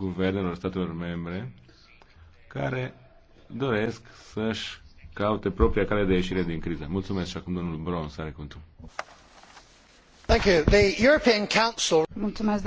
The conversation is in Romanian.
guvernelor statelor membre care doresc să-și caute propria cale de ieșire din criză. Mulțumesc și acum domnul Brons are cuvântul. Mulțumesc,